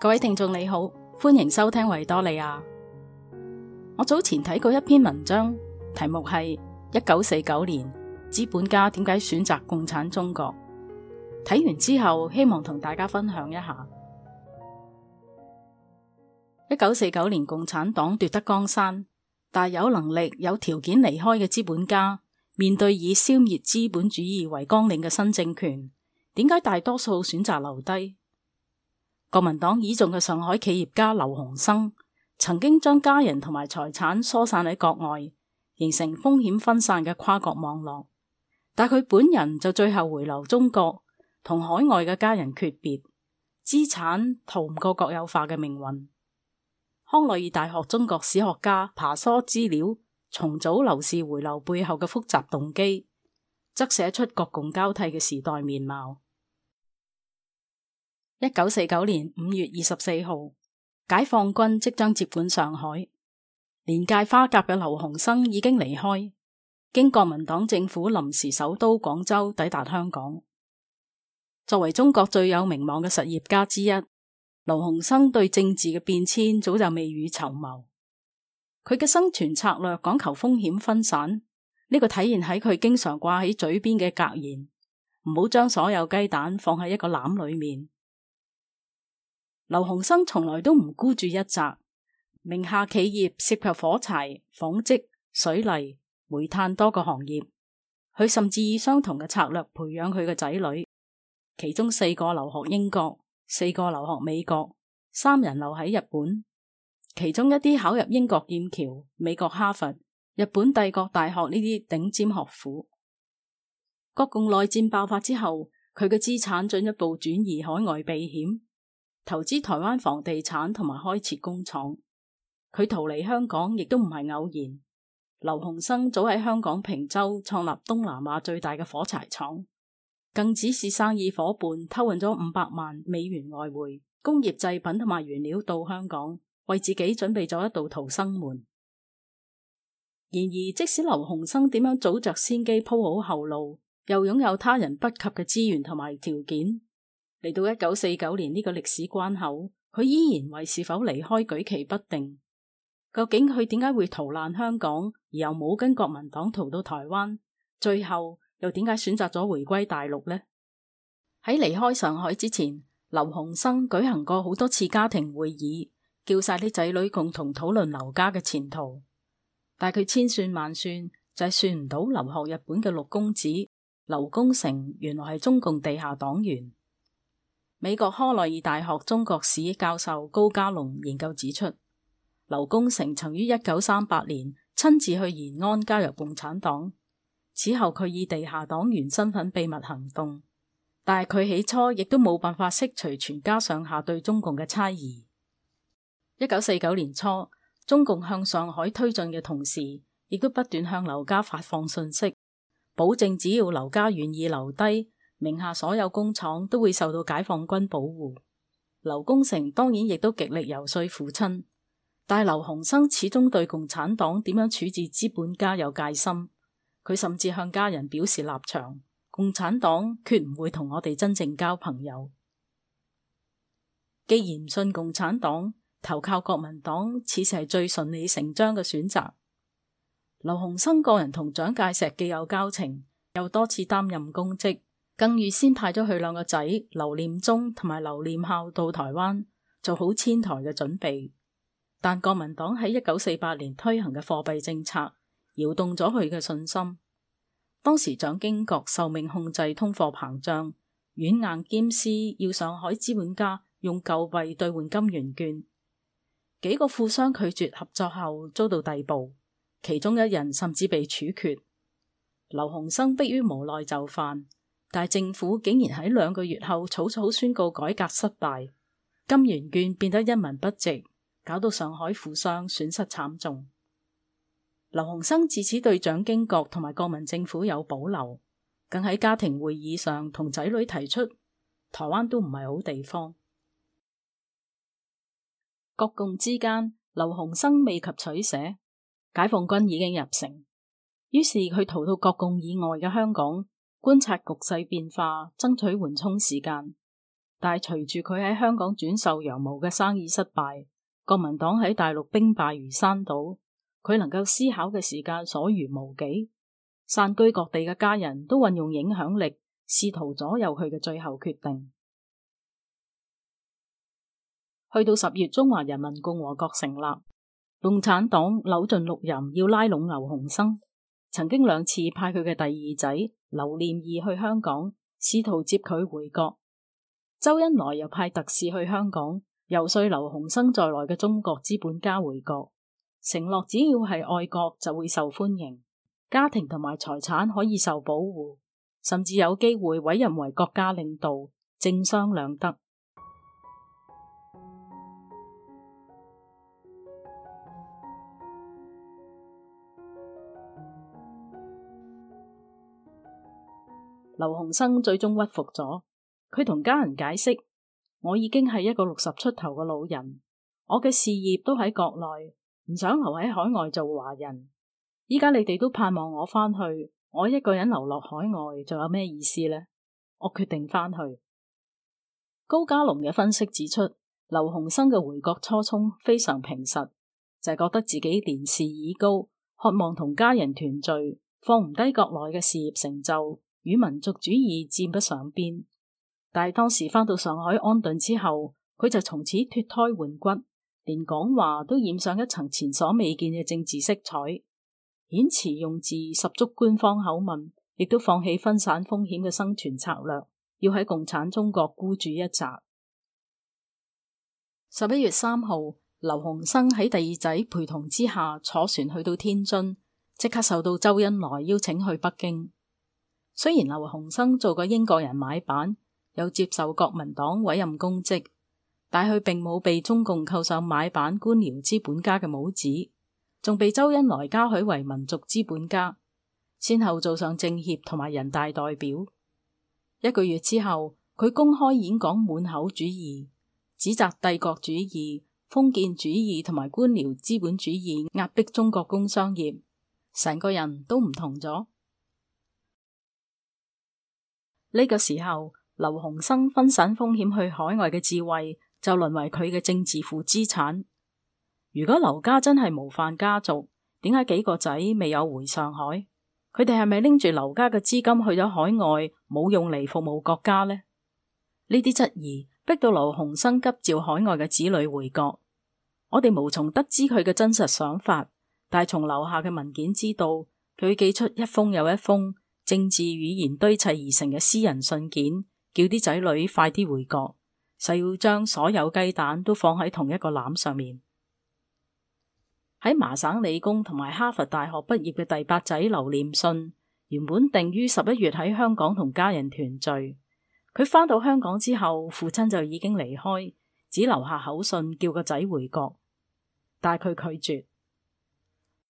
各位聽眾你好，歡迎收聽維多利亞。我早前睇過一篇文章，題目係《一九四九年資本家點解選擇共產中國》。睇完之後，希望同大家分享一下。一九四九年共產黨奪得江山。但有能力、有條件離開嘅資本家，面對以消滅資本主義為綱領嘅新政權，點解大多數選擇留低？國民黨倚重嘅上海企業家劉鴻生，曾經將家人同埋財產疏散喺國外，形成風險分散嘅跨國網絡。但佢本人就最後回流中國，同海外嘅家人訣別，資產逃唔過國有化嘅命運。康奈爾大學中國史學家爬梳資料，重組樓市回流背後嘅複雜動機，則寫出國共交替嘅時代面貌。一九四九年五月二十四號，解放軍即將接管上海，連屆花甲嘅劉鴻生已經離開，經國民黨政府臨時首都廣州抵達香港，作為中國最有名望嘅實業家之一。劉鴻生對政治嘅變遷早就未雨綢繆，佢嘅生存策略講求風險分散，呢、這個體現喺佢經常掛喺嘴邊嘅格言：唔好將所有雞蛋放喺一個籃裏面。劉鴻生從來都唔孤注一擲，名下企業涉及火柴、紡織、水泥、煤炭多個行業，佢甚至以相同嘅策略培養佢嘅仔女，其中四個留學英國。四個留學美國，三人留喺日本，其中一啲考入英國劍橋、美國哈佛、日本帝國大學呢啲頂尖學府。國共內戰爆發之後，佢嘅資產進一步轉移海外避險，投資台灣房地產同埋開設工廠。佢逃離香港亦都唔係偶然。劉鴻生早喺香港坪洲創立東南亞最大嘅火柴廠。更指示生意夥伴偷運咗五百萬美元外匯、工業製品同埋原料到香港，為自己準備咗一道逃生門。然而，即使劉鴻生點樣早着先機鋪好後路，又擁有他人不及嘅資源同埋條件，嚟到一九四九年呢個歷史關口，佢依然為是否離開舉棋不定。究竟佢點解會逃難香港，而又冇跟國民黨逃到台灣？最後。又點解選擇咗回歸大陸呢？喺離開上海之前，劉鴻生舉行過好多次家庭會議，叫晒啲仔女共同討論劉家嘅前途。但佢千算萬算，就係算唔到留學日本嘅六公子劉公成。原來係中共地下黨員。美國科內爾大學中國史教授高家龍研究指出，劉公成曾於一九三八年親自去延安加入共產黨。此後，佢以地下黨員身份秘密行動，但係佢起初亦都冇辦法釋除全家上下對中共嘅猜疑。一九四九年初，中共向上海推進嘅同時，亦都不斷向劉家發放信息，保證只要劉家願意留低，名下所有工廠都會受到解放軍保護。劉功成當然亦都極力遊說父親，但劉鴻生始終對共產黨點樣處置資本家有戒心。佢甚至向家人表示立場：共產黨決唔會同我哋真正交朋友。既然唔信共產黨，投靠國民黨，此時係最順理成章嘅選擇。劉鴻生個人同蔣介石既有交情，又多次擔任公職，更預先派咗佢兩個仔劉念忠同埋劉念孝到台灣做好遷台嘅準備。但國民黨喺一九四八年推行嘅貨幣政策。搖動咗佢嘅信心。當時蔣經國受命控制通貨膨脹，軟硬兼施，要上海資本家用舊幣兌換金圓券。幾個富商拒絕合作後遭到逮捕，其中一人甚至被處決。劉鴻生迫於無奈就範，但政府竟然喺兩個月後草草宣告改革失敗，金圓券變得一文不值，搞到上海富商損失慘重。劉鴻生自此對蔣經國同埋國民政府有保留，更喺家庭會議上同仔女提出台灣都唔係好地方。國共之間，劉鴻生未及取捨，解放軍已經入城，於是佢逃到國共以外嘅香港觀察局勢變化，爭取緩衝時間。但係隨住佢喺香港轉售羊毛嘅生意失敗，國民黨喺大陸兵敗如山倒。佢能夠思考嘅時間所餘無幾，散居各地嘅家人都運用影響力，試圖左右佢嘅最後決定。去到十月，中華人民共和國成立，共產黨扭盡六壬要拉攏劉鴻生，曾經兩次派佢嘅第二仔劉念義去香港，試圖接佢回國。周恩來又派特使去香港游說劉鴻生在內嘅中國資本家回國。承諾只要係愛國，就會受歡迎；家庭同埋財產可以受保護，甚至有機會委任為國家領導，政商兩得。劉鴻生最終屈服咗，佢同家人解釋：我已經係一個六十出頭嘅老人，我嘅事業都喺國內。唔想留喺海外做華人，依家你哋都盼望我返去，我一個人流落海外，仲有咩意思呢？我決定返去。高家龍嘅分析指出，劉鴻生嘅回國初衷非常平實，就係覺得自己年事已高，渴望同家人團聚，放唔低國內嘅事業成就，與民族主義佔不上邊。但係當時返到上海安頓之後，佢就從此脫胎換骨。連講話都染上一層前所未見嘅政治色彩，遣詞用字十足官方口吻，亦都放棄分散風險嘅生存策略，要喺共產中國孤注一擲。十一月三號，劉鴻生喺第二仔陪同之下坐船去到天津，即刻受到周恩來邀請去北京。雖然劉鴻生做過英國人買辦，又接受國民黨委任公職。但佢並冇被中共扣上買辦官僚資本家嘅帽子，仲被周恩來嘉許為民族資本家，先後做上政協同埋人大代表。一個月之後，佢公開演講滿口主義，指責帝國主義、封建主義同埋官僚資本主義壓迫中國工商業，成個人都唔同咗。呢 個時候，劉鴻生分散風險去海外嘅智慧，就淪為佢嘅政治負資產。如果劉家真係模範家族，點解幾個仔未有回上海？佢哋係咪拎住劉家嘅資金去咗海外，冇用嚟服務國家呢？呢啲質疑逼到劉鴻生急召海外嘅子女回國。我哋無從得知佢嘅真實想法，但係從樓下嘅文件知道，佢寄出一封又一封政治語言堆砌而成嘅私人信件，叫啲仔女快啲回國。誓要將所有雞蛋都放喺同一個籃上面。喺麻省理工同埋哈佛大學畢業嘅第八仔劉念信，原本定於十一月喺香港同家人團聚。佢返到香港之後，父親就已經離開，只留下口信叫個仔回國，但佢拒絕。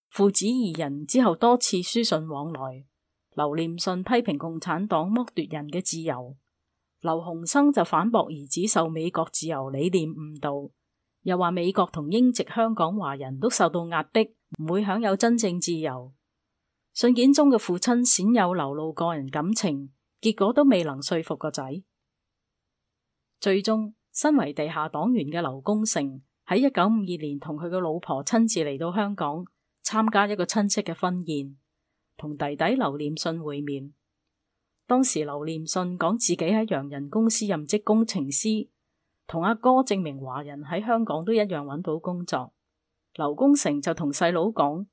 父子二人之後多次書信往來，劉念信批評共產黨剝奪人嘅自由。劉鴻生就反駁兒子受美國自由理念誤導，又話美國同英籍香港華人都受到壓迫，唔會享有真正自由。信件中嘅父親鮮有流露個人感情，結果都未能說服個仔。最終，身為地下黨員嘅劉公誠喺一九五二年同佢嘅老婆親自嚟到香港參加一個親戚嘅婚宴，同弟弟劉念信會面。當時劉念信講自己喺洋人公司任職工程師，同阿哥證明華人喺香港都一樣揾到工作。劉公成就同細佬講，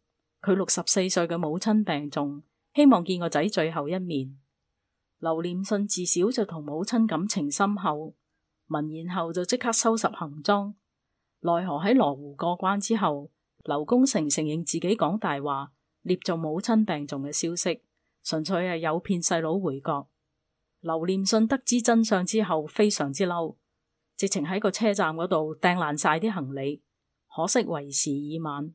佢六十四歲嘅母親病重，希望見個仔最後一面。劉念信自小就同母親感情深厚，聞言後就即刻收拾行裝。奈何喺羅湖過關之後，劉公成承認自己講大話，捏造母親病重嘅消息。純粹係誘騙細佬回國。劉念信得知真相之後，非常之嬲，直情喺個車站嗰度掟爛晒啲行李，可惜為時已晚。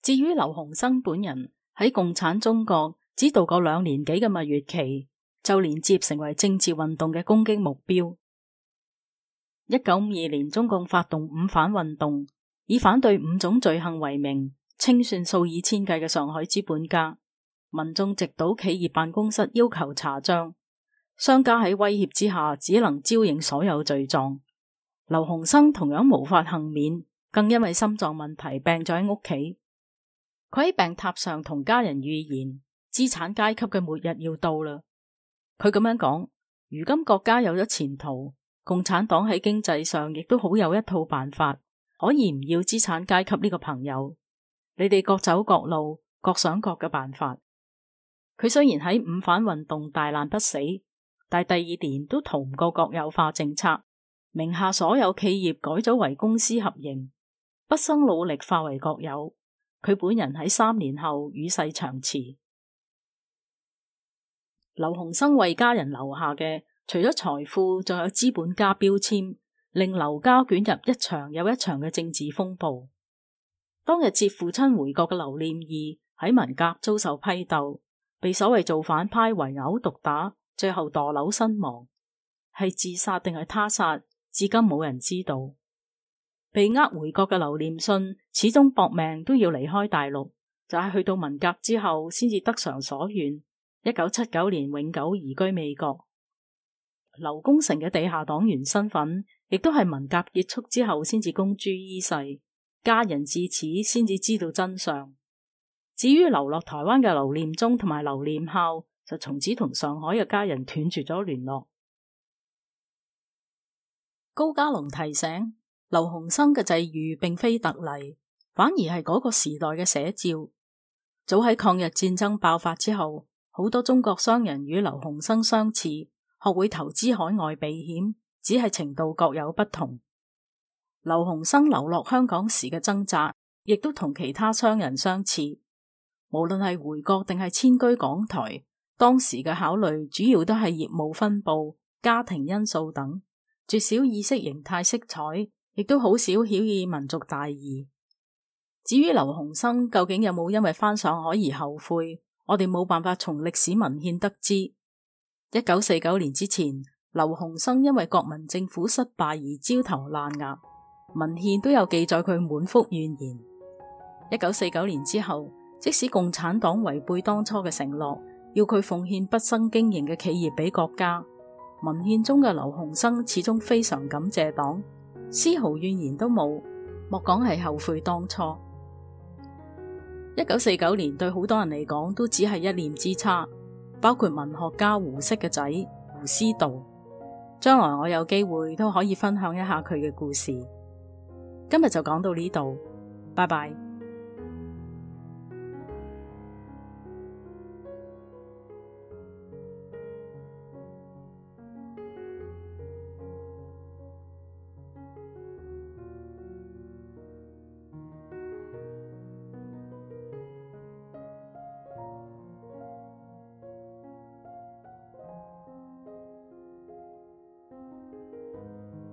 至於劉鴻生本人喺共產中國只度過兩年幾嘅蜜月期，就連接成為政治運動嘅攻擊目標。一九五二年，中共發動五反運動，以反對五種罪行為名，清算數以千計嘅上海資本家，民眾直搗企業辦公室，要求查賬。商家喺威脅之下，只能招認所有罪狀。劉鴻生同樣無法幸免，更因為心臟問題病咗喺屋企。佢喺病榻上同家人預言，資產階級嘅末日要到啦。佢咁樣講，如今國家有咗前途，共產黨喺經濟上亦都好有一套辦法，可以唔要資產階級呢個朋友，你哋各走各路，各想各嘅辦法。佢雖然喺五反運動大難不死，但第二年都逃唔過國有化政策，名下所有企業改咗為公司合營，畢生努力化為國有。佢本人喺三年後與世長辭。劉鴻生為家人留下嘅，除咗財富，仲有資本家標籤，令劉家捲入一場又一場嘅政治風暴。當日接父親回國嘅劉念義喺文革遭受批鬥，被所謂造反派圍毆毒,毒打，最後墮樓身亡，係自殺定係他殺，至今冇人知道。被呃回國嘅劉念信始終搏命都要離開大陸，就係、是、去到文革之後先至得償所願。一九七九年永久移居美國。劉公成嘅地下黨員身份，亦都係文革結束之後先至公諸於世。家人至此先至知道真相。至於流落台灣嘅劉念忠同埋劉念孝，就從此同上海嘅家人斷絕咗聯絡。高家龍提醒，劉鴻生嘅際遇並非特例，反而係嗰個時代嘅寫照。早喺抗日戰爭爆發之後，好多中國商人與劉鴻生相似，學會投資海外避險，只係程度各有不同。劉鴻生流落香港時嘅掙扎，亦都同其他商人相似。無論係回國定係遷居港台，當時嘅考慮主要都係業務分布、家庭因素等，絕少意識形態色彩，亦都好少曉以民族大義。至於劉鴻生究竟有冇因為翻上海而後悔，我哋冇辦法從歷史文獻得知。一九四九年之前，劉鴻生因為國民政府失敗而焦頭爛額。文獻都有記載佢滿腹怨言。一九四九年之後，即使共產黨違背當初嘅承諾，要佢奉獻畢生經營嘅企業俾國家，文獻中嘅劉鴻生始終非常感謝黨，絲毫怨言都冇，莫講係後悔當初。一九四九年對好多人嚟講都只係一念之差，包括文學家胡適嘅仔胡思道。將來我有機會都可以分享一下佢嘅故事。今日就講到呢度，拜拜。